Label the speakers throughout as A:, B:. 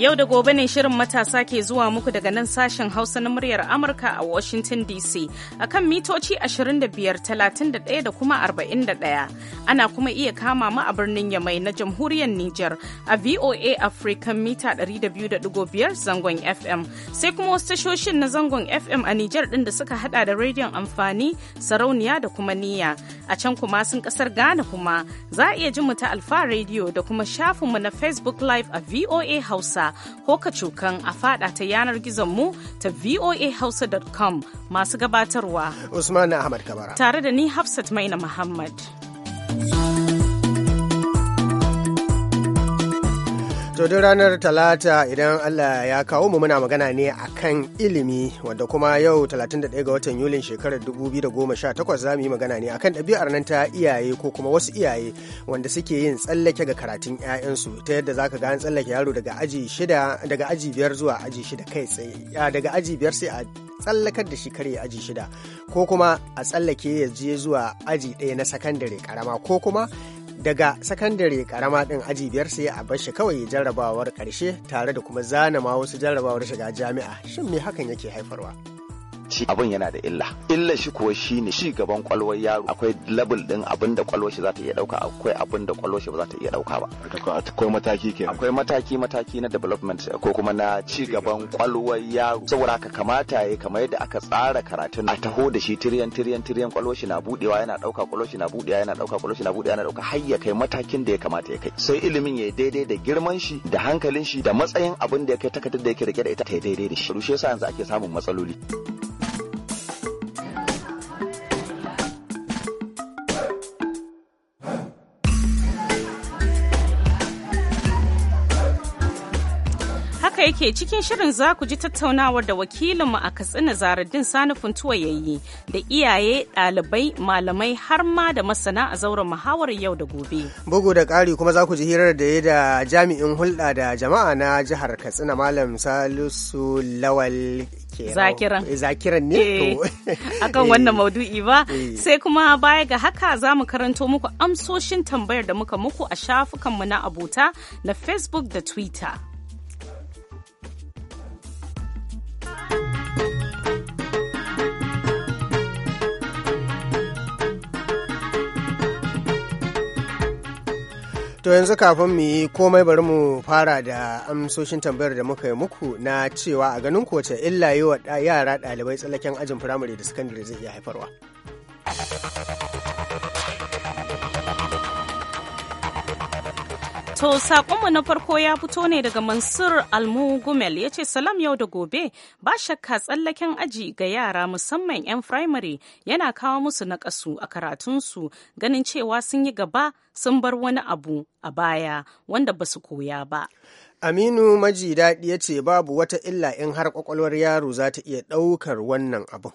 A: Yau da gobe ne shirin matasa ke zuwa muku daga nan sashen Hausa na muryar Amurka a Washington DC a kan mitoci 25,31 da kuma 41. Ana kuma iya kama mu a birnin Yamai na Jamhuriyar Nijar a VOA African mita 200.5 zangon FM. Sai kuma wasu tashoshin na zangon FM a Nijar ɗin da suka hada da rediyon amfani, sarauniya da kuma niyya. A can kuma sun kasar Ghana kuma za a iya ji mu ta Alfa Radio da kuma shafin mu na Facebook Live a VOA Hausa. ko ka cukan a fada ta yanar gizon mu ta voahausa.com masu gabatarwa
B: usman ahmad kabara
A: tare da ni hafsat maina muhammad
B: To duk ranar Talata idan Allah ya kawo mu muna magana ne akan ilimi wadda kuma yau 31 ga watan Yulin shekarar 2018 za mu yi magana ne akan ɗabi'ar nan ta iyaye ko kuma wasu iyaye wanda suke yin tsallake ga karatun 'ya'yansu ta yadda zaka ga an tsallake yaro daga aji shida daga aji biyar zuwa aji shida kai tsaye daga aji biyar sai a tsallakar da shi aji shida ko kuma a tsallake ya je zuwa aji ɗaya na sakandare karama ko kuma daga sakandare karama din aji biyar sai a bar shi kawai jarrabawar karshe tare da kuma zana ma wasu jarrabawar shiga jami'a shin me hakan yake haifarwa
C: ci abin yana da illa illa shi kuwa ne ci gaban kwalwar yaro akwai level din abin da kwalwar shi za ta iya dauka akwai abin da kwalwar shi ba za ta iya dauka ba akwai mataki ke akwai mataki mataki na development ko kuma na ci gaban kwalwar yaro saboda haka kamata ya kamar yadda aka tsara karatun a taho da shi tiryan tiryan tiryan kwalwar shi na budewa yana dauka kwalwar shi na budewa yana dauka kwalwar shi na budewa yana dauka har ya kai matakin da ya kamata ya kai sai ilimin ya daidai da girman shi da hankalin shi da matsayin abin da ya kai takardar da yake rike da ita ta daidai da shi shi yasa yanzu ake samun matsaloli
A: yake cikin shirin za ku ji tattaunawar da wakilinmu a katsina zaradin sani tuwa ya yi da iyaye ɗalibai malamai har ma da masana a zauren muhawarar yau da gobe
B: bugu da ƙari kuma za ku ji hirar da ya da jami'in hulɗa da jama'a na jihar katsina malam salisu lawal zakiran eh, zakiran ne eh,
A: akan wannan eh. maudu'i ba sai kuma baya ga haka za mu karanto muku amsoshin tambayar da muka muku a shafukanmu na abota na facebook da twitter
B: To yanzu kafin mu yi komai bari mu fara da amsoshin tambayar da muka yi muku na cewa a ganin kowace illa yi wa yara ɗalibai tsallaken ajin firamare da sakandare zai iya haifarwa.
A: To saƙonmu na farko ya fito ne daga Mansur Almu Gumel ya ce salam yau da gobe ba shakka tsallaken aji ga yara musamman 'yan firamare yana kawo musu naƙasu a karatunsu ganin cewa sun yi gaba sun bar wani abu a baya wanda ba su koya ba.
B: Aminu maji daɗi ya ce babu wata illa in har ƙwaƙwalwar yaro za ta iya ɗaukar wannan abun.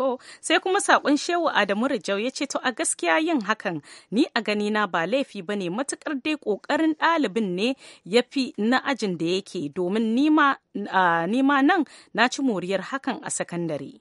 A: To, sai kuma sakon Shehu Adamu Rijau ya ce to a gaskiya yin hakan ni a gani na ba laifi ba ne matukar dai kokarin ɗalibin ne ya fi na ajin da yake domin nima nan na ci moriyar hakan a sakandare.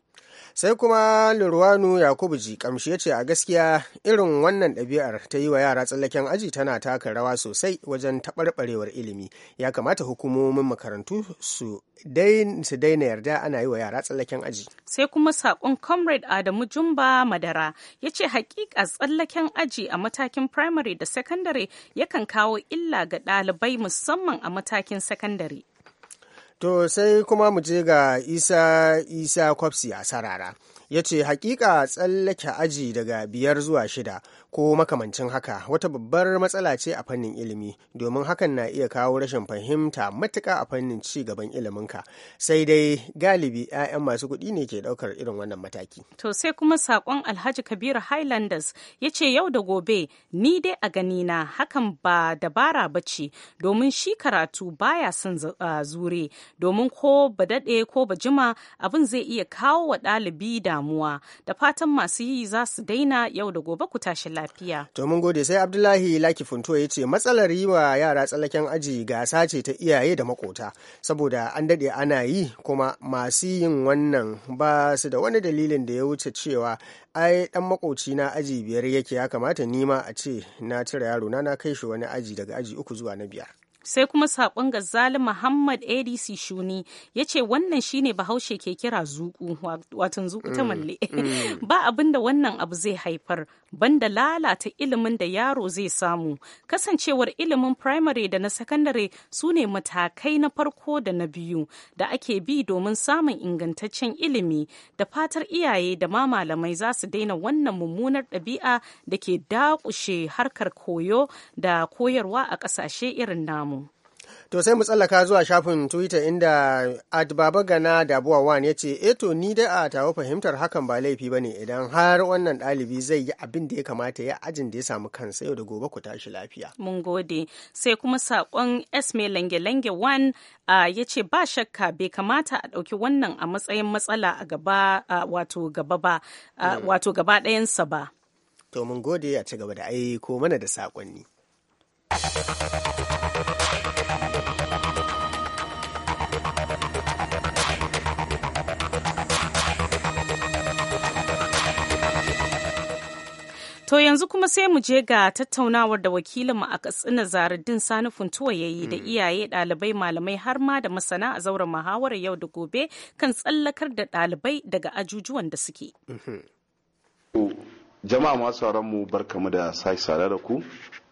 B: sai kuma lurwanu yakubu ji kamshi ya ce a gaskiya irin wannan ɗabi'ar ta yi wa yara tsallaken aji tana taka rawa sosai wajen taɓarɓarewar ilimi ya kamata hukumomin makarantu su daina yarda ana yi wa yara tsallaken aji
A: sai kuma saƙon comrade adamu jumba madara ya ce hakika tsallaken aji a matakin primary da secondary yakan kawo illa ga ɗalibai musamman a matakin secondary
B: To sai kuma mu je ga Isa Isa Kwafsi a sarara. ya ce hakika tsallake aji daga biyar zuwa shida ko makamancin haka wata babbar matsala ce a fannin ilimi domin hakan na iya kawo rashin fahimta matuka a fannin ci gaban ilimin ka sai dai galibi 'ya'yan masu kuɗi ne ke ɗaukar irin wannan mataki.
A: To sai kuma saƙon Alhaji Kabiru Highlanders ya ce yau da gobe ni dai a ganina hakan ba dabara ba ce domin shi karatu baya son zure domin ko ba daɗe ko ba jima abin zai iya kawo wa ɗalibi damuwa da fatan masu yi za su daina yau da gobe ku tashi lafiya.
B: To mun gode sai Abdullahi Laki Funto ya ce matsalar yi wa yara tsallaken aji gasa ce ta iyaye da makota saboda an daɗe ana yi kuma masu yin wannan ba su da wani dalilin da ya wuce cewa ai dan makoci na aji biyar yake ya kamata nima a ce na cire yaro na na kai shi wani aji daga aji uku zuwa na biyar.
A: sai kuma sakon gazali muhammad adc shuni ya ce wannan shine bahaushe ke kira zuku watan zuku ta mm, malle mm. ba abin da wannan abu zai haifar banda lalata ilimin da yaro zai samu kasancewar ilimin primary da na sakandare su ne matakai na farko da na biyu da ake bi domin samun ingantaccen ilimi da fatar iyaye da ma malamai za su daina wannan mummunar ɗabi'a da ke dakushe harkar koyo da koyarwa a ƙasashe irin namu
B: to sai mu tsallaka zuwa shafin twitter inda adbabagana dabuwa wan ya ce eto eh ni dai a tawo fahimtar hakan ba laifi ba ne idan har wannan ɗalibi zai yi abin da ya kamata ya ajin da ya samu kansa yau da gobe ku tashi lafiya
A: mun gode sai kuma sakon esme lange-lange wan ya ce ba shakka bai kamata a ɗauki wannan a matsayin matsala a gaba wato gaba ba mm. wato gaba ɗayansa ba
B: to mun gode a ci gaba da aiko mana da sakonni.
A: To yanzu kuma sai mu je ga tattaunawar da wakilinmu a Katsina Zaruddin Sani Funtuwa ya yi da mm. iyaye ɗalibai malamai har ma da masana a zauren muhawarar yau da gobe kan tsallakar da ɗalibai daga ajujuwan da suke.
B: Mm-hmm.
D: Jama'a masu mu barkamu da sai sada da ku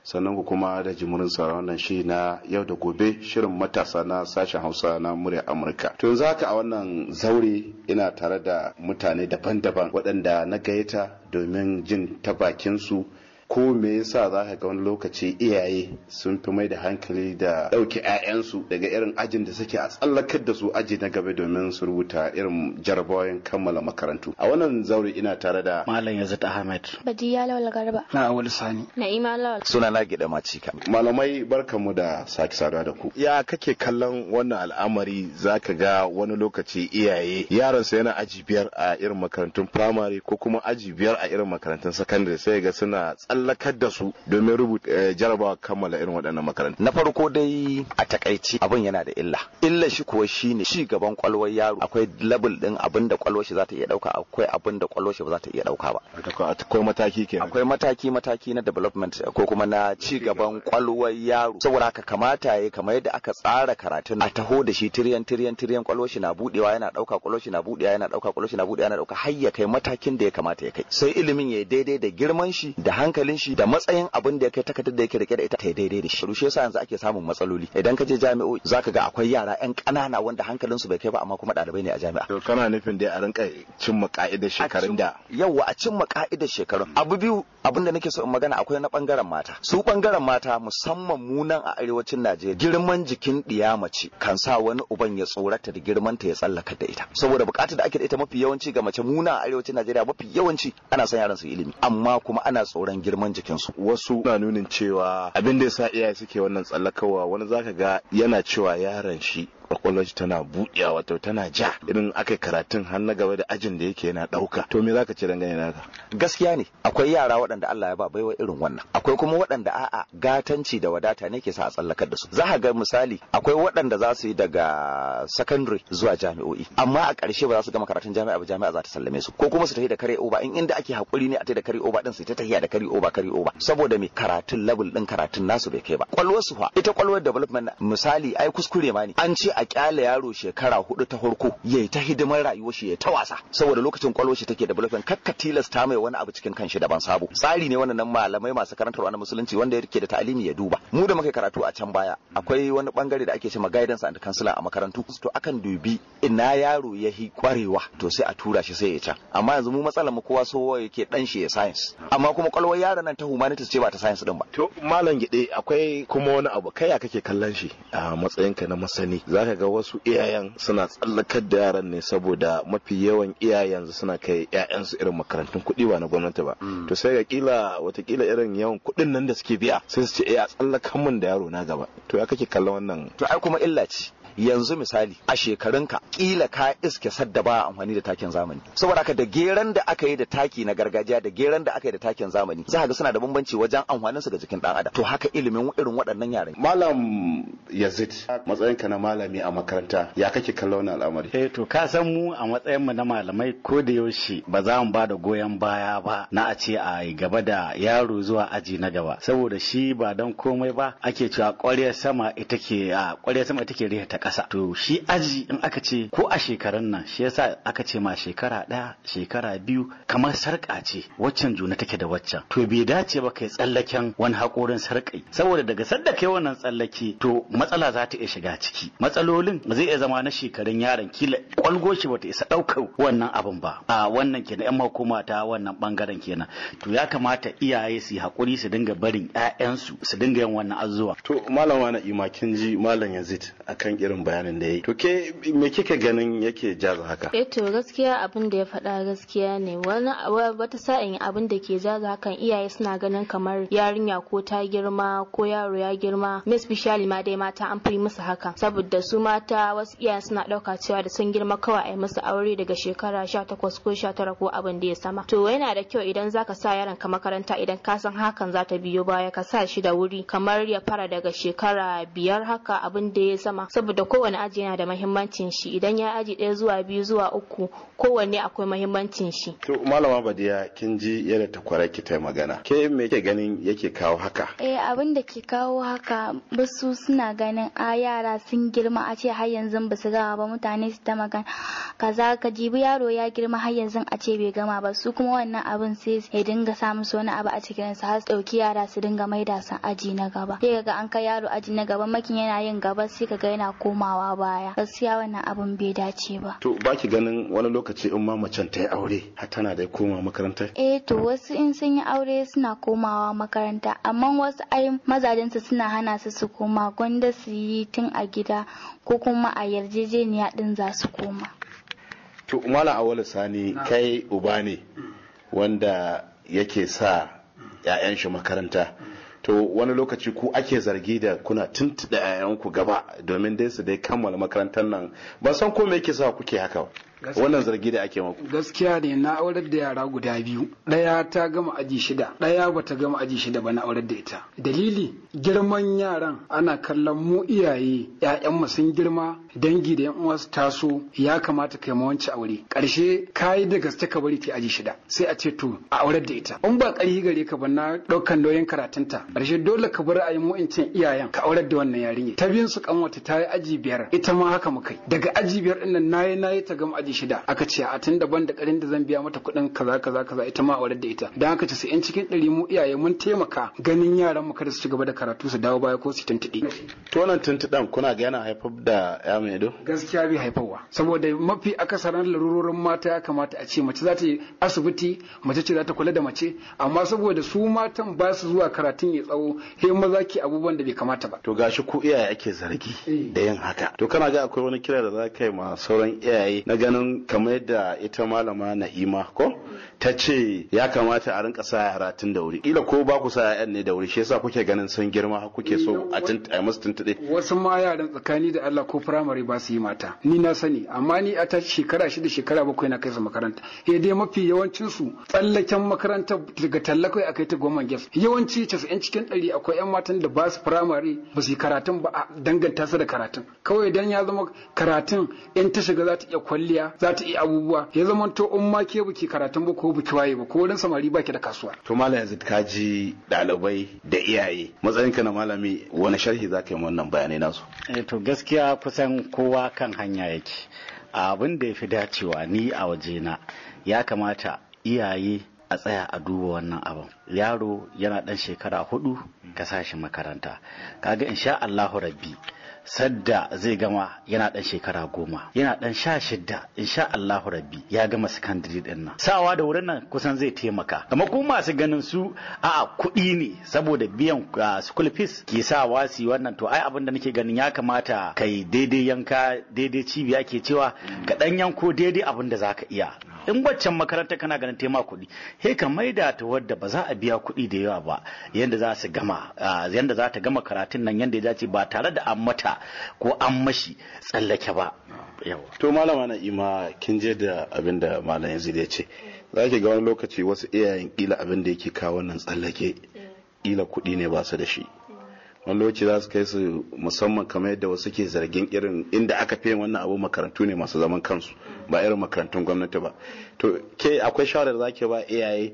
D: sannan ku kuma da jimurin sa wannan shi na yau da gobe shirin matasa na sashen hausa na murya amurka to yanzu haka a wannan zaure ina tare da mutane daban-daban waɗanda na gayyata domin jin ta bakinsu ko me yasa za ka ga wani lokaci iyaye sun fi mai da hankali da ɗauke 'ya'yansu daga irin ajin da suke a tsallakar da su aji na gaba domin su rubuta irin jarabawan kammala makarantu a wannan zauri ina tare da malam yazid ahmed
E: badiya lawal garba
D: na awul sani
F: na'ima lawal
D: suna na gida macika malamai barkamu da sake saduwa da ku ya kake kallon wannan al'amari zaka ga wani lokaci iyaye Yaron sa yana aji biyar a irin makarantun firamare ko kuma aji biyar a irin makarantun sakandare sai ga suna
C: hallakar da su domin rubuta eh, jarabawa kammala irin waɗannan makaranta. na farko dai a takaici abin yana da illa illa shi kuwa shi ne. shi gaban kwalwar yaro akwai labul din abin da kwalwar shi za ta iya dauka akwai abin da kwalwar shi ba za ta iya dauka ba akwai mataki kenan akwai mataki mataki na development ko kuma na ci gaban kwalwar yaro saboda haka kamata yayi kamar yadda aka tsara karatun a taho da shi tiryan tiryan tiryan kwalwar shi na budewa yana dauka kwalwar shi na budewa yana dauka kwalwar shi na budewa yana dauka har ya kai matakin da ya kamata ya kai sai ilimin ya daidai da girman shi da hankali asalin shi da matsayin abin da ya kai takardar da yake rike da ita ta daidai da shi rushe yasa yanzu ake samun matsaloli idan ka je jami'o'i zaka ga akwai yara yan ƙanana wanda hankalin su bai kai ba amma kuma ɗalibai ne a jami'a to kana nufin dai a rinka cin ka'idar shekarun da yawa a cin ka'idar shekarun abu biyu abin da nake so in magana akwai na bangaren mata su bangaren mata musamman mu nan a arewacin Najeriya girman jikin ɗiya mace kan sa wani uban ya tsorata da girman ta ya tsallaka da ita saboda bukatar da ake da ita mafi yawanci ga mace muna a arewacin Najeriya mafi yawanci ana son yaran su ilimi amma kuma ana tsoron girman
D: girman jikinsu wasu na nunin cewa abin da ya sa iyaye suke wannan tsallakawa wani zaka ga yana cewa yaron shi kwakwalwar shi tana buɗewa wato tana ja irin aka karatun har na
C: gaba da ajin da yake yana ɗauka to me zaka ce dangane naka gaskiya ne akwai yara waɗanda Allah ya ba baiwa irin wannan akwai kuma waɗanda a'a gatanci da wadata ne ke sa a tsallakar da su za ga misali akwai waɗanda za su yi daga secondary zuwa jami'o'i amma a ƙarshe ba za su gama karatun jami'a ba jami'a za ta sallame su ko kuma su tafi da kare oba in inda ake hakuri ne a tafi da kare oba din su ta tafiya da kare oba kare oba saboda me karatun level din karatun nasu bai kai ba kwalwar su fa ita kwalwar development misali ai kuskure ma ne an ce a kyale yaro shekara hudu ta farko ya ta hidimar rayuwar shi ya ta wasa saboda lokacin kwalwar shi take development kakka tilasta mai wani abu cikin kanshi daban sabo tsari ne wannan malamai masu karantar wani musulunci wanda yake da ta'alimi ya duba mu da muka karatu a can baya akwai wani bangare da ake cewa guidance and counselor a makarantu to akan dubi ina yaro ya hi kwarewa to sai a tura shi sai ya can amma yanzu mu matsalar mu kowa so yake dan shi ya science amma kuma kwallon yaron nan ta humanities ce ba ta science din ba to malam gide akwai kuma wani abu kai ya kake kallon shi a matsayinka
D: na masani za zaka ga wasu iyayen suna tsallakar da yaran ne saboda mafi yawan iyayen suna kai ƴaƴansu irin makarantun kuɗi ba na gwamnati ba mm. to sai ga kila watakila
C: irin yawan kuɗin nan da suke biya sai su ce eh a tsallakan mun da yaro na gaba to ya kake kallon wannan to ai kuma illa ce yanzu misali a shekarun ka, kila ka iske sadda ba amfani da takin zamani saboda haka da geran da aka yi da taki na gargajiya da geran da aka yi da takin zamani za ga suna da bambanci wajen amfanin su ga jikin dan adam to haka ilimin irin waɗannan yaran
D: malam yazid
G: matsayinka na malami a makaranta ya kake kallon wannan al'amari eh to ka san mu a matsayin mu na malamai ko da yaushe ba za mu ba da goyon baya ba na a ce a gaba da yaro zuwa aji na gaba saboda shi ba don komai ba ake cewa ƙwarya sama ita ke a ƙwaryar sama ita ke rihe ta ƙasa to shi aji in aka ce ko a shekarun nan shi yasa aka ce ma shekara ɗaya shekara biyu kamar sarƙa ce waccan juna take da waccan to bai dace ba kai tsallaken wani haƙorin sarƙai saboda daga sadda kai wannan tsallake to matsala za ta iya shiga ciki matsalolin zai iya zama na shekarun yaron kila ƙwalgo shi ta isa ɗaukar wannan abin ba a wannan kenan yan hukuma ta wannan bangaren kenan to ya kamata iyaye su yi haƙuri su dinga barin 'ya'yansu su dinga yin wannan azuwa to malam wani imakin ji malam
D: yazid akan irin irin bayanin da ya yi to ke me kika ganin yake jaza haka
F: eh to gaskiya abin da ya faɗa gaskiya ne wani wata sa'in abin da ke jaza hakan iyaye suna ganin kamar yarinya ko ta girma ko yaro ya girma Bishali ma dai mata an fi musu haka. saboda su mata wasu iyaye suna ɗauka cewa da sun girma kawai a yi musu aure daga shekara 18 ko 19 ko abin da ya sama to yana da kyau idan zaka sa yaron ka makaranta idan ka san hakan za ta biyo baya ka sa shi da wuri kamar ya fara daga shekara biyar haka abin da ya sama saboda kowane aji yana da mahimmancin shi idan ya aji ɗaya zuwa biyu zuwa uku kowanne akwai mahimmancin shi. To
D: malama Badiya kin ji yadda ta kwarai ki ta magana. Ke me ke ganin yake kawo haka?
E: Eh abin da ke kawo haka basu suna ganin a yara sun girma a ce har yanzu ba su gama ba mutane su ta magana. Kaza ka jibi yaro ya girma har yanzu a ce bai gama ba su kuma wannan abin sai ya dinga samun wani abu a cikin sa, har ɗauki yara su dinga maida su aji na gaba. Sai ga an kai yaro aji na gaba makin yana yin gaba sai ka ga yana komawa baya gaskiya wannan abun bai dace ba
D: to ba ki ganin wani lokaci in ma macen ta yi aure har tana da koma makaranta
E: eh to wasu in sun yi aure suna komawa makaranta amma wasu ai mazajen su suna hana su su koma gwanda su yi tun a gida ko kuma a yarjejeniya din za su koma
D: to malam awala sani kai uba ne mm. wanda yake sa 'ya'yan shi makaranta mm. to wani lokaci ku ake zargi da kuna tuntuɗa 'ya'yanku gaba domin dai su dai kammala makarantar nan ban san ko me yake sa kuke haka ba wannan zargi da ake
H: maku gaskiya ne na aurar da yara guda biyu ɗaya ta gama aji shida ɗaya ba ta gama aji shida ba na aurar da ita dalili girman yaran ana kallon mu iyaye ya'yan sun girma dangi da yan su taso ya kamata kai wancan aure ƙarshe yi da gaske ka bari ta aji shida sai a ce to a aurar da ita in ba ƙarfi gare ka ba na ɗaukan nauyin karatunta ƙarshe dole ka bar ayi mu'incin iyayen ka aurar da wannan yarinya ta biyun su kanwata ta yi aji biyar ita ma haka mu kai. daga aji biyar ɗin nan nayi nayi ta gama aji shida aka ce a tun daban da karin da zan biya mata kuɗin kaza kaza kaza ita ma aurar da ita don haka in cikin ɗari mu iyaye mun taimaka ganin yaran mu kada su ci gaba da karatu su dawo baya ko su tuntuɗe. to nan tuntuɗen kuna ga yana haifar da ya mai ido. gaskiya bai haifarwa saboda mafi akasarin larurorin mata ya kamata a ce mace za ta yi asibiti mace ce za ta kula da mace amma saboda su matan ba su zuwa karatun ya tsawo he maza ke abubuwan da bai kamata ba. to gashi ku iyaye ake zargi eh. da yin haka
D: to kana ga akwai wani kira da za ka yi ma sauran iyaye na ganin ganin kamar yadda ita malama na'ima ko ta ce ya kamata a rinka sa yara tun da wuri ila ko ba ku sa yayan ne da wuri shi yasa kuke ganin sun girma kuke so a tuntuɓe musu tuntuɓe
H: wasu ma yaran tsakani da Allah ko firamare ba su yi mata ni na sani amma ni a ta shekara shida shekara bakwai na kai su makaranta he dai mafi yawancin su tsallaken makaranta daga tallakai akai ta goma gas yawanci 90 cikin ɗari akwai yan matan da ba su firamare ba su yi karatun ba a danganta su da karatun kawai dan ya zama karatun in ta shiga za ta iya kwalliya za ta iya abubuwa ya zama to in ma ke buki karatun ba ko buki waye ba ko wurin samari baki da kasuwa
D: to malam yanzu ka ji ɗalibai da iyaye
G: matsayinka na malami wani sharhi za ka yi wannan bayanai nasu eh to gaskiya kusan kowa kan hanya yake abin da ya fi dacewa ni a waje na, ya kamata iyaye a tsaya a duba wannan abin yaro yana ɗan shekara hudu ka sa shi makaranta kaga insha Allahu rabbi sadda zai gama yana dan shekara goma yana dan sha shidda insha Allahu rabbi ya gama secondary din nan sawa da wurin nan kusan zai taimaka amma ku masu ganin su a kuɗi ne saboda biyan ah, school fees ke sa wasi wannan to ai abin da nake ganin ya kamata kai daidai yanka daidai cibiya ke cewa ka dan yanko daidai abin da zaka iya in waccan makaranta kana ganin tema kuɗi he ka maida ta wadda ba za a biya kuɗi da yawa ba yanda za su gama ah, yanda za ta gama karatun nan yanda ya dace ba tare da an mata ko an mashi tsallake ba
D: to malama na ima kin je da abin da malam yanzu ya ce za ki ga wani lokaci wasu iyayen kila abin da yake kawo wannan tsallake kila kuɗi ne ba su da shi wani lokaci za su kai su musamman kamar yadda wasu ke zargin irin inda aka fi wannan abu makarantu ne masu zaman kansu ba irin makarantun gwamnati ba to ke akwai shawarar za zaki ba iyaye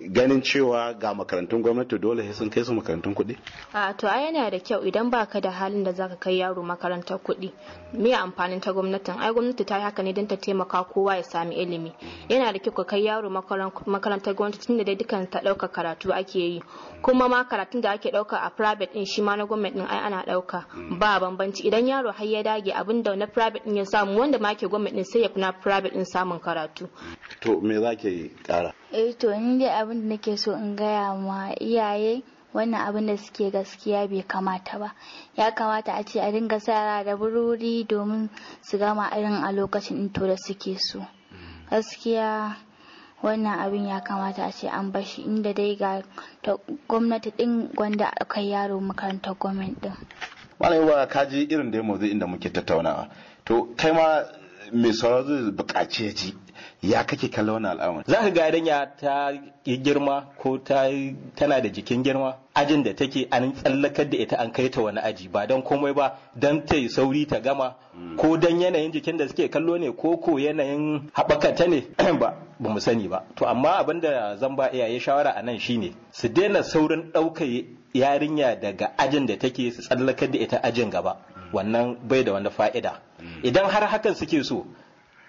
D: ganin cewa ga makarantun gwamnati dole sun kai su makarantun kuɗi?
F: A to a yana da kyau idan baka da halin da zaka kai yaro makarantar kuɗi. Me amfanin ta gwamnatin? Ai gwamnati ta yi haka ne don ta taimaka kowa ya sami ilimi. Yana da kyau ka kai yaro makarantar gwamnati tunda dai dukkan ta ɗauka karatu ake yi. Kuma ma karatun da ake ɗauka a private din shi ma na gwamnati ɗin ai ana ɗauka ba bambanci. Idan yaro har ya dage abin da na private din ya samu wanda ma ke gwamnati ɗin sai ya kuna private din samun karatu.
D: To me za ke ƙara?
F: eh to ni dai abin da nake so in gaya ma
E: iyaye wannan abin da suke gaskiya bai kamata ba ya kamata a ce a dinga sa da bururi domin su gama irin a lokacin into da suke so gaskiya wannan abin ya kamata a ce an bashi inda dai ga gwamnati din gwanda kai yaro makarantar gwamnati din
D: malam yawa ka ji irin da motsi inda muke tattaunawa to kai ma mai sauraro zai buƙaci ya ji ya kake kalla wannan al'amari
I: za ka ga yarinya ta yi girma ko ta tana da jikin girma ajin da take an tsallakar da ita an kai ta wani aji ba don komai ba don ta yi sauri ta gama hmm. ko don yanayin jikin da suke kallo ne ko ko yanayin haɓaka ta ne ba ba mu sani ba to amma abin da zan ba iyaye shawara a nan shine su daina saurin ɗaukar yarinya daga ajin da take su tsallakar da ita ajin gaba hmm. wannan bai da wani fa'ida hmm. idan har hakan suke so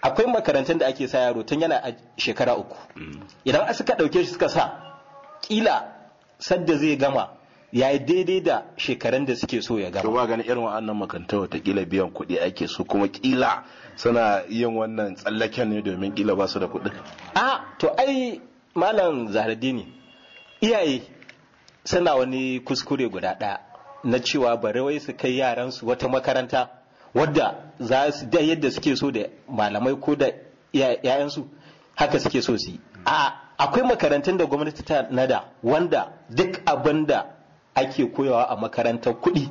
I: akwai makarantar da ake sa yaro tun yana a shekara uku idan a suka ɗauke shi suka sa ƙila sadda zai gama ya yi daidai da shekarun da suke so ya gama. ba gani irin wa'annan makaranta
D: ƙila biyan kuɗi ake so kuma ƙila suna yin wannan tsallaken ne domin ƙila ba
I: su da kuɗi. A to ai malam zahardini iyaye suna wani kuskure guda ɗaya na cewa bari wai su kai yaran su wata makaranta wadda za su da yadda suke so da malamai ko da ‘ya'yansu haka suke so su yi a akwai makarantun da gwamnati ta nada wanda duk abin da ake koyawa a makarantar kuɗi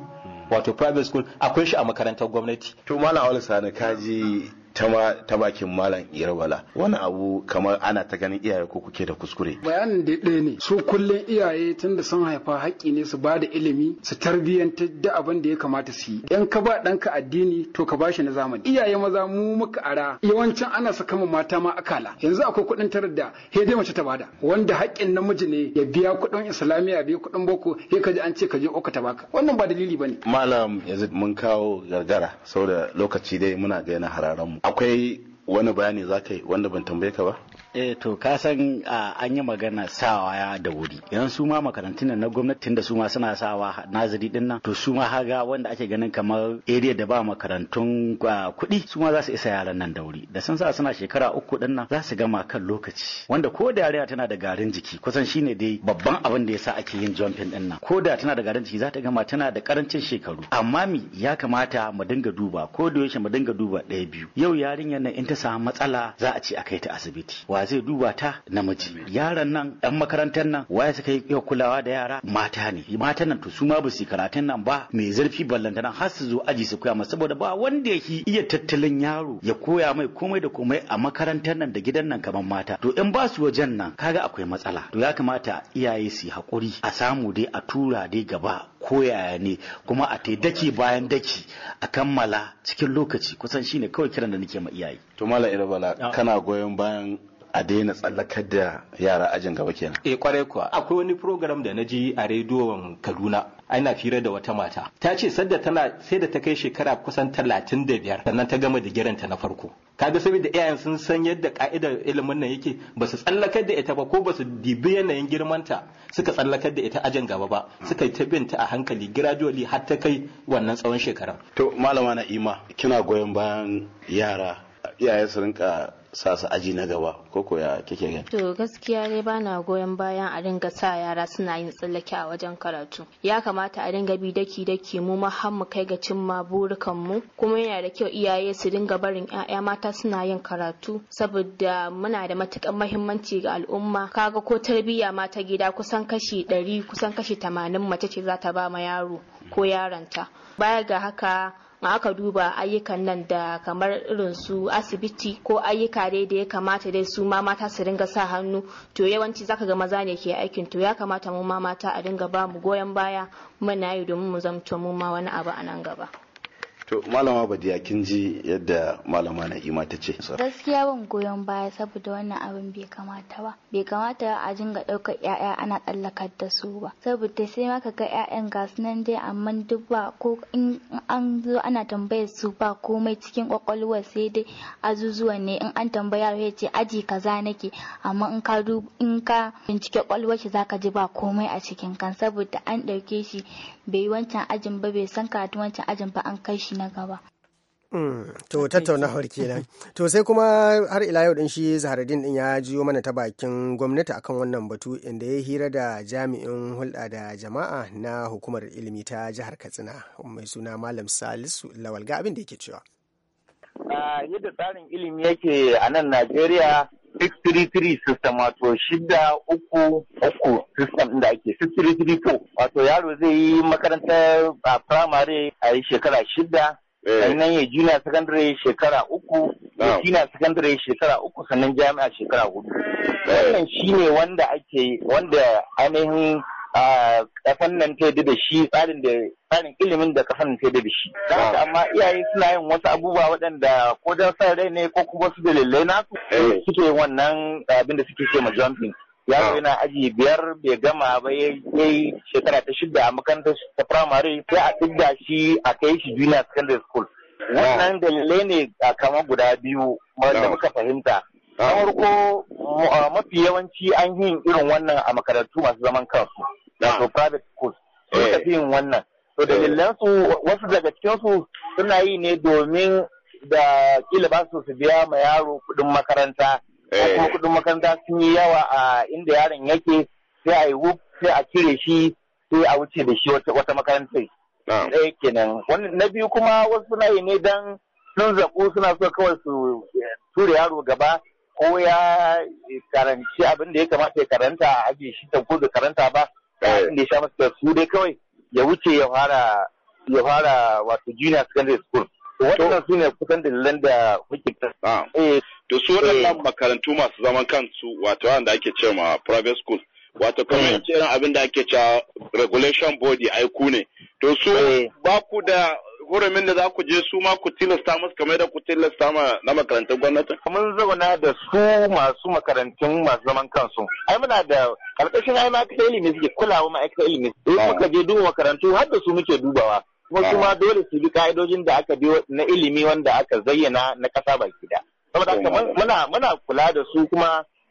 I: wato private school akwai shi a makarantar gwamnati to malam sani kaji ta bakin malam Irabala wani
D: abu kamar ana ta ganin iyaye ko kuke da kuskure
H: bayanin da ɗaya ne su kullum iyaye tun da sun haifa haƙƙi ne su ba da ilimi su tarbiyyanta da abin da ya kamata su yi yan ka ba ɗanka addini to ka bashi na zamani iyaye maza mu muka ara yawancin ana saka ma mata ma akala yanzu akwai kuɗin tarar da he dai mace ta bada wanda haƙƙin namiji ne ya biya kuɗin islamiyya biya kuɗin boko he ka an ce ka je oka ta baka wannan ba dalili bane
D: malam yanzu mun kawo gargara saboda lokaci dai muna ga yana hararan mu akwai wani bayani za ka yi wanda ban tambaye
G: ka ba eh to ka san an yi magana sawa da wuri idan su ma makarantun na gwamnatin da su ma suna sawa naziri din nan to su ma haga wanda ake ganin kamar area da ba makarantun kuɗi su ma za su isa yaran nan da wuri da sun sa suna shekara uku din nan za su gama kan lokaci wanda ko da yarinya tana da garin jiki kusan shine dai babban abin da yasa ake yin jumping din nan ko da tana da garin jiki za ta gama tana da karancin shekaru amma mi ya kamata mu dinga duba ko da yaushe mu dinga duba ɗaya biyu yau yarinyar nan in ta samu matsala za a ce a kai ta asibiti ba zai duba ta namiji yaran nan yan makarantar nan waye suka yi kulawa da yara mata ne mata nan to su ma ba karatun nan ba mai zarfi ballanta nan har su zo aji su koya masa saboda ba wanda yake iya tattalin yaro ya koya mai komai da komai a makarantar nan da gidan nan kamar mata to in ba su wajen nan kaga akwai matsala to ya kamata iyaye su hakuri a samu dai a tura dai gaba koyaya ne kuma a taidake bayan daki a kammala cikin lokaci kusan shine kawai kiran da nake ma iyaye to mala irabala ah. kana goyon
D: bayan a daina tsallakar da yara ajin gaba kenan.
I: Eh kwarai kuwa akwai wani program da na ji a rediyon Kaduna ana fira da wata mata ta ce sadda tana sai da ta kai shekara kusan talatin da biyar sannan ta gama digiranta na farko kaga saboda iyayen sun san yadda ka'idar ilimin nan yake ba su tsallakar da ita ba ko ba su dibi yanayin girmanta suka tsallakar da ita ajin gaba ba suka yi ta binta a hankali gradually har ta kai wannan tsawon shekaran. to
D: malama na ima kina goyon bayan yara Iyayen su rinka sa su aji na gaba ko koya kike gani
F: to gaskiya ne bana goyon bayan a dinga sa yara suna yin tsallake a wajen karatu ya kamata a dinga bi daki daki mu ma har mu kai ga cimma burukan mu kuma yana da kyau iyaye su dinga barin ƴaƴa mata suna yin karatu saboda muna da matukar muhimmanci ga al'umma kaga ko tarbiyya ma ta gida kusan kashi ɗari kusan kashi tamanin mace ce za ta ba ma yaro ko yaronta baya ga haka aka duba ayyukan nan da kamar irin su asibiti ko ayyuka dai da ya kamata dai su ma mata su ringa sa hannu to yawanci zaka ga maza ne ke aikin to ya kamata mu ma mata a dinga ba mu goyon baya muna yi domin mu zamto mu ma wani abu a nan gaba To
D: malama Badiya kin ji yadda malama Na'ima ta ce.
F: Gaskiya ban goyon baya saboda
E: wannan abin bai kamata ba. Bai kamata a jinga ɗaukar ƴaƴa ana tsallakar da su ba. Saboda sai ma ka ga ƴaƴan gasu nan dai amma duk ba ko in an zo ana tambayar su ba komai cikin kwakwalwar sai dai azuzuwan ne in an tambaya ya ce aji kaza nake amma in ka in ka bincike kwakwalwar shi zaka ji ba komai a cikin kan saboda an ɗauke shi bai wancan ajin ba bai san karatu wancan ajin ba an kai shi na
B: gaba. Mm, to tattaunawar kenan to sai kuma har ila yau din shi zaharadin din ya jiyo mana ta bakin gwamnati akan wannan batu inda ya hira da jami'in hulɗa da jama'a na hukumar ilimi ta jihar katsina mai suna malam salisu lawalga abin da yake cewa
J: ah, yadda tsarin ilimi yake a nan najeriya 633 system wato shida uku uku system da ake 6334 wato yaro zai yi makarantar a primary a yi shekara shida eh. sannan ya junior secondary shekara uku ya senior secondary shekara uku sannan jami'a shekara hudu wannan shine wanda ake wanda ainihin a kasan nan ta yadda da shi tsarin da tsarin ilimin da kasan nan ta yadda da shi amma iyaye suna yin wasu abubuwa waɗanda ko dan sa rai ne ko kuma su dalilai su eh. suke yin wannan abin da suke ce ma jumping yaro yana aji biyar bai gama ba ya yi shekara ta shida a makarantar ta firamare sai a ɗiga shi a kai shi junior secondary school wannan dalilai ne kamar guda biyu wanda muka fahimta farko mafi yawanci an yin irin wannan a makarantu masu zaman kansu. Wato private schools. Sun tafi eh. yin wannan. To dalilansu wasu daga cikinsu suna yi ne domin da kila ba su su biya ma yaro kuɗin makaranta. Eh. Kuma kuɗin makaranta sun yi yawa a inda yaron yake sai a yi wuf sai a cire shi sai a wuce da shi wata makarantar. Ɗaya kenan. Na biyu kuma wasu suna yi ne don sun zaɓu suna so kawai su eh, ture yaro gaba ko ya karanci abin da ya kamata ya karanta a haji shi ta da karanta ba eh. abin da ya sha masa su dai kawai ya wuce ya fara ya fara wato junior secondary school waɗannan su ne kusan dalilan da kuke ah. eh. to su waɗannan eh. makarantu masu zaman kansu wato wanda ake ce ma private school wato kamar irin abin da ake cewa regulation body aiku ne to su ba ku da hurumin da za ku je su ma ku tilasta musu kamar da ku tilasta ma na makarantar gwamnati? Mun zauna da su masu makarantun masu zaman kansu. Ai muna da karkashin ai ma'aikatar ilimi suke kulawa ma'aikatar ilimi. In ah. muka je duba makarantu har da su muke dubawa. Kuma su ma ah. dole su bi ka'idojin da aka bi na ilimi wanda aka zayyana na ƙasa baki da. Saboda haka muna muna kula da su kuma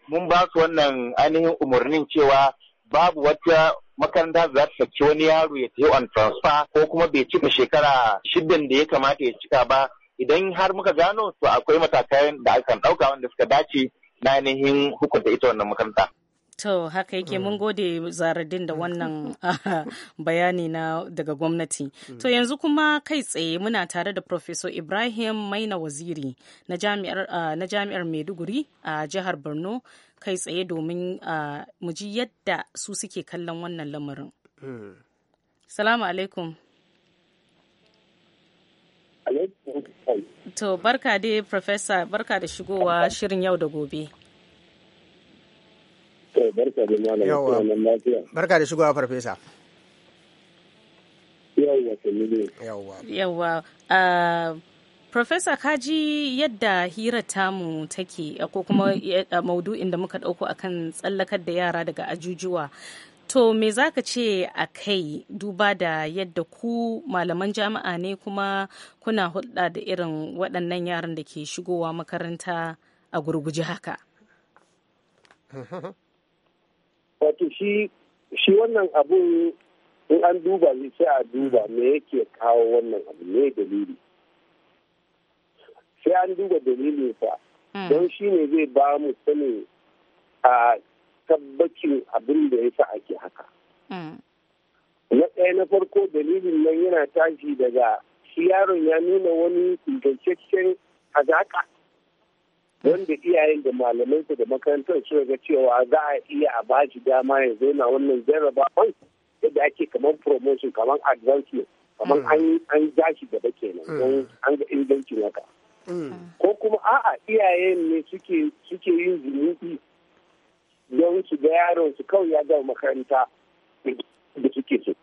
J: mun ba su wannan ainihin umarnin cewa babu wata makaranta za ta saki wani yaro ya tafi on transfer ko kuma bai cika shekara shidan da ya kamata ya cika ba idan har muka gano to akwai matakan da akan ɗauka wanda suka dace na ainihin hukunta ita wannan makaranta.
A: To haka yake mun mm. gode zaradin da mm. wannan ah, bayani na daga gwamnati. To mm. yanzu kuma kai tsaye muna tare da Professor Ibrahim Maina Waziri na jami'ar ah, Maiduguri a jihar Borno kai tsaye domin ah, mu ji yadda su suke kallon wannan lamarin. Salamu alaikum. To barka dai Professor barka da shigowa shirin yau da gobe.
B: Barka da Barka da shigowa farfesa.
A: Ah, kaji yadda hira tamu take eh, ko kuma eh, eh, maudu'in da muka ɗauko akan tsallakar da yara daga ajujuwa. To me za ka ce a kai duba da yadda ku malaman jami'a ne kuma kuna hulɗa da irin waɗannan yaran da ke shigowa makaranta a gurguje haka?
K: wato shi wannan abun in an duba ne sai a duba me yake kawo wannan abu ne dalili sai an duba dalilinsa hmm. don shi ne zai ba mu sanin a tabbacin abin da ya sa ake haka hmm. na ɗaya na farko dalilin nan yana tashi daga shi yaron ya nuna wani ingantaccen hazaƙa wanda iyayen da malamansa da makarantar su ga cewa za a iya a bashi dama ya na wannan jarrabawan yadda ake kamar promotion kamar advancement kamar hmm. an ja shi gaba kenan hmm. don an ga inganci haka hmm. ko kuma a'a iyayen ne suke yin zunubi don su ga yaron su kawai ya gama makaranta da suke so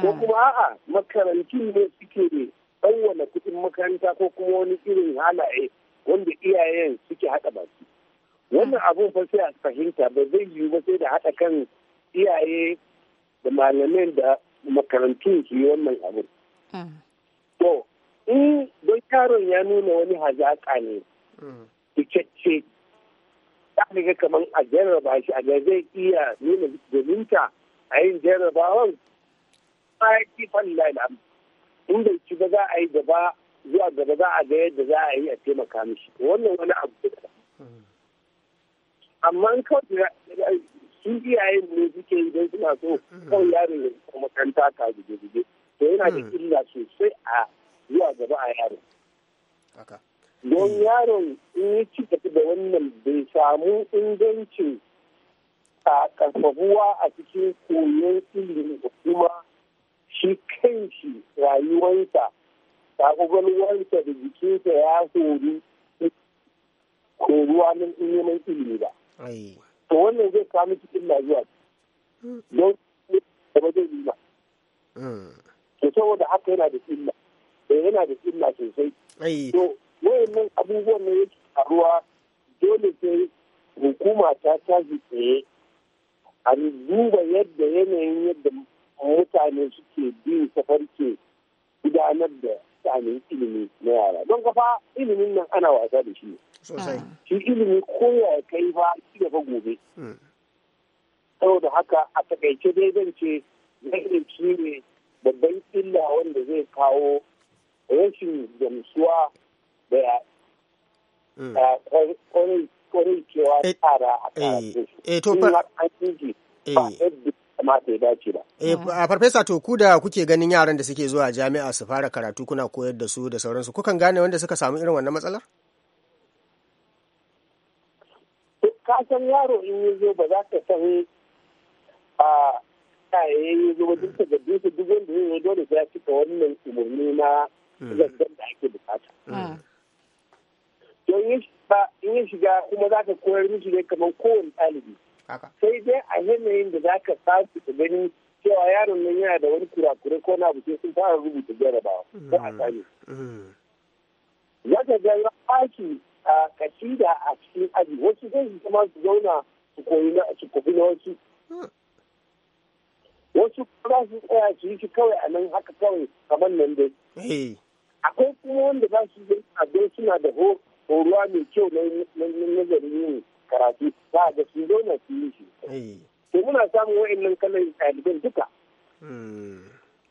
K: ko kuma a'a makarantun ne suke ne ɗauwana kuɗin makaranta ko kuma wani irin halaye wanda iyayen suke haɗa baki wannan abun fa sai a fahimta ba zai yiwu ba sai da haɗa kan iyaye da malamai da makarantun su yi wannan abun hmm. to in don yaron ya nuna wani hazaƙa ne hmm. cikakke ta ga kamar a jarraba shi a zai iya nuna zumunta. a yin jarrabawan ba ya ci fallahi in bai ci ba za a yi gaba zuwa gaba za a ga yadda za a yi a taimaka mishi wannan wani abu da amma in kawai sun iyayen ne suke idan suna so kawai yaron ya kuma makaranta ka guje-guje to yana da hmm. illa sosai a zuwa gaba a yaron don hmm. yaron in ya ci tafi da wannan bai samu ingancin a karfafuwa a cikin koyon ilimi da kuma shi kanshi rayuwarsa ta ƙwaƙwalwarsa da jikinsa ya hori koruwa nan neman ilimi ba. To wannan zai kawo miki illa zuwa don kuma zai nuna. Mm. To saboda haka yana da illa. Eh, yana da illa sosai. To wayannan abubuwan ne yake faruwa dole sai hukuma ta tashi tsaye a duba yadda yanayin yadda mutane suke bin safarke gudanar da ta a ilimi na yara don kafa ilimin nan ana wasa da shi sosai ah. shi ilimi koya kai ba ci gaba gobe hmm. saboda haka a takaice dai zan ce zai shi ne babban illa wanda zai kawo rashin gamsuwa da hmm. kwarin cewa eh, tsara a eh, karatu. Eh, to ba. Eh. yadda kamata ya dace ba. Eh, mm.
B: A farfesa to ku da kuke ganin yaran da suke zuwa jami'a su fara karatu kuna koyar da su da sauransu kukan gane wanda suka samu irin wannan matsalar?
K: Eh, Kasan san yaro in ya zo ba za ka san a yayin ya zo wajen ka gabe su duk wanda ya zo dole ya cika wannan umarni na mm. zargan da ake bukata. Don mm. yin shiga kuma za ka koyar mishi ne kamar kowane ɗalibi. sai dai a yanayin da za ka sace ka gani cewa yaron nan yana da wani kurakure ko na buke sun fara rubuta jarabawa ko a mm. sani mm. za ga ya a kasida a cikin aji wasu zai kuma su zauna su koyi na su kofi na wasu wasu za su tsaya su yi shi kawai a nan haka kawai kamar nan
B: dai
K: akwai kuma wanda za su yi abin suna da horuwa mai kyau na nazarin yin karatu za a ga zo na su yi shi eh. to muna samun wa'annan kalan ɗaliban duka
B: hmm.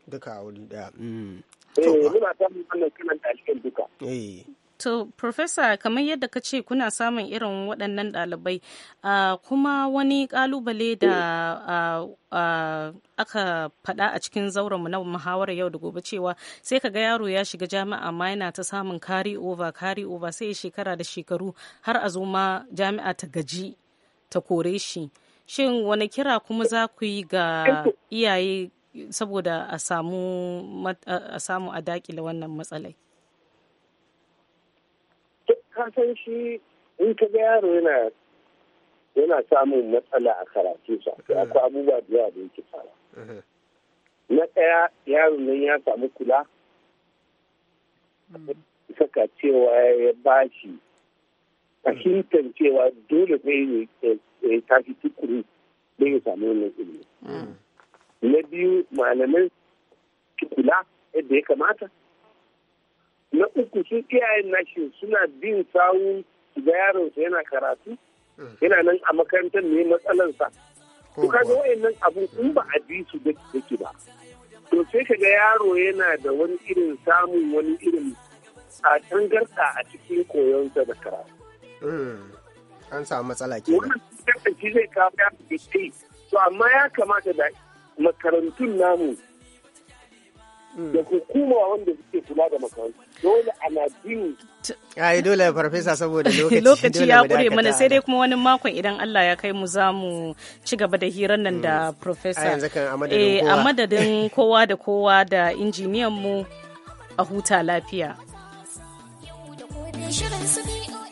B: duka a wuri ɗaya hmm. eh muna samun wannan kalan ɗaliban duka eh.
A: To, Profesa, kamar yadda ka ce kuna samun irin waɗannan ɗalibai, uh, kuma wani ƙalubale da uh, uh, aka faɗa a cikin zaurenmu na muhawarar yau da gobe cewa sai ka ga yaro ya shiga jami'a amma yana ta samun kari over kari over sai shekara da shekaru har a zo ma jami'a ta gaji ta kore shi. Shin wani kira kuma za ku yi ga iyaye saboda a samu a dakile wannan matsalai?
K: kasan shi in ka ga yaro yana yana samun matsala a karatu sa eh. akwai abubuwa da yawa da yake fara eh. na ɗaya yaron nan ya samu kula hmm. saka cewa ya bashi fahimtar cewa dole sai ya tafi tukuru don ya samu wannan ilimi hmm. na biyu malaman kula yadda ya kamata na uku sun iyayen nashi suna bin sawun ga yaronsa yana karatu yana nan a makarantar ne matsalarsa to kaga wayannan abun in ba a bi su da ke ba to sai kaga yaro yana da wani irin samun wani
B: irin a tangarɗa a cikin
K: koyonsa da karatu
B: hmm, an samu matsala ke wannan
K: shi zai kawo ya fi to amma ya kamata da makarantun namu da hukuma wanda suke kula da
B: makarantu dole ana bin ai dole farfesa saboda lokaci lokaci ya kure mana sai
A: dai kuma wani makon idan Allah ya kai mu za mu ci gaba da hirar nan da mm. professor eh a madadin kowa da kowa da injiniyan mu a huta lafiya
B: shirin su